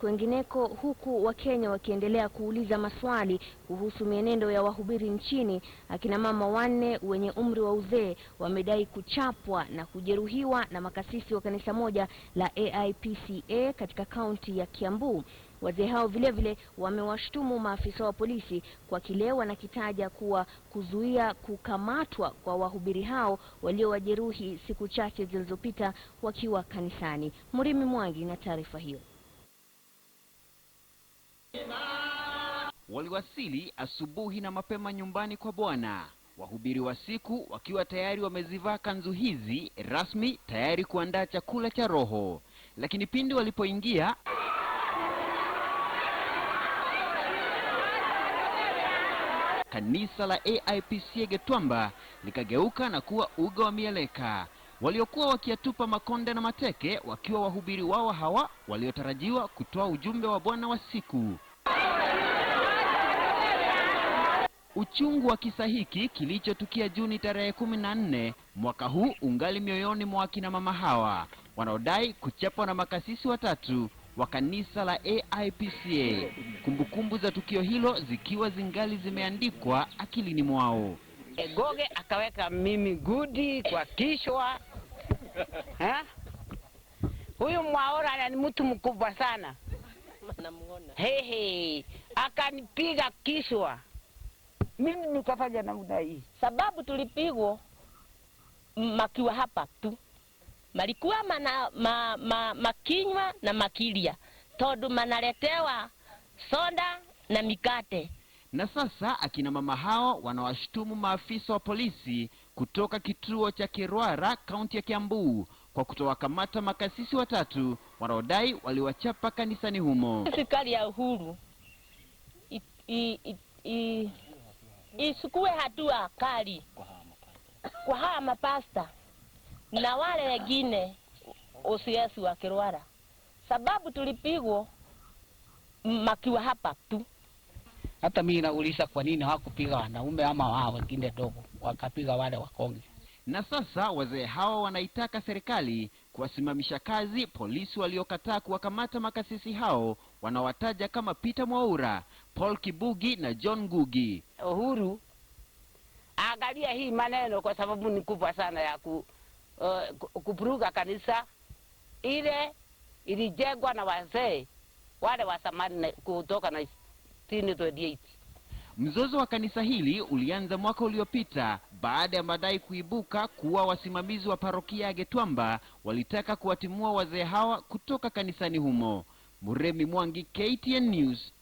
Kwengineko, huku Wakenya wakiendelea kuuliza maswali kuhusu mienendo ya wahubiri nchini, akina mama wanne wenye umri wa uzee wamedai kuchapwa na kujeruhiwa na makasisi wa kanisa moja la AIPCA katika kaunti ya Kiambu. Wazee hao vilevile wamewashtumu maafisa wa polisi kwa kile wanakitaja kuwa kuzuia kukamatwa kwa wahubiri hao waliowajeruhi siku chache zilizopita wakiwa kanisani. Murimi Mwangi na taarifa hiyo. waliwasili asubuhi na mapema nyumbani kwa Bwana, wahubiri wa siku wakiwa tayari wamezivaa kanzu hizi rasmi, tayari kuandaa chakula cha roho. Lakini pindi walipoingia kanisa la AIPC Getwamba likageuka na kuwa uga wa mieleka. Waliokuwa wakiyatupa makonde na mateke wakiwa wahubiri wao hawa waliotarajiwa kutoa ujumbe wa Bwana wa siku. Uchungu wa kisa hiki kilichotukia Juni tarehe kumi na nne mwaka huu ungali mioyoni mwa akina mama hawa wanaodai kuchapwa na makasisi watatu wa kanisa la AIPCA, kumbukumbu za tukio hilo zikiwa zingali zimeandikwa akilini mwao. Egoge akaweka mimi gudi kwa kishwa ha? Huyu Mwaora ni mtu mkubwa sana, hehe, akanipiga kishwa mimi nikafanya namna hii, sababu tulipigwa makiwa hapa tu malikuwa mana, ma, ma, makinywa na makilia todu manaletewa soda na mikate. Na sasa akina mama hao wanawashutumu maafisa wa polisi kutoka kituo cha Kirwara kaunti ya Kiambu kwa kutowakamata makasisi watatu wanaodai waliwachapa kanisani humo. Serikali ya uhuru isukue hatua kali kwa hawa mapasta na wale wengine usiesi wakirwara, sababu tulipigwa makiwa hapa tu. Hata mimi nauliza kwa nini hawakupiga wanaume ama wao wengine dogo, wakapiga wale wakonge. Na sasa wazee hawa wanaitaka serikali kuwasimamisha kazi polisi waliokataa kuwakamata makasisi hao wanawataja kama Peter Mwaura, Paul Kibugi na John Ngugi uhuru, angalia hii maneno, kwa sababu ni kubwa sana ya ku, uh, kupuruga kanisa ile ilijengwa na wazee wale wa zamani kutoka na 1928. Mzozo wa kanisa hili ulianza mwaka uliopita baada ya madai kuibuka kuwa wasimamizi wa parokia ya Getwamba walitaka kuwatimua wazee hawa kutoka kanisani humo. Muremi Mwangi, KTN News,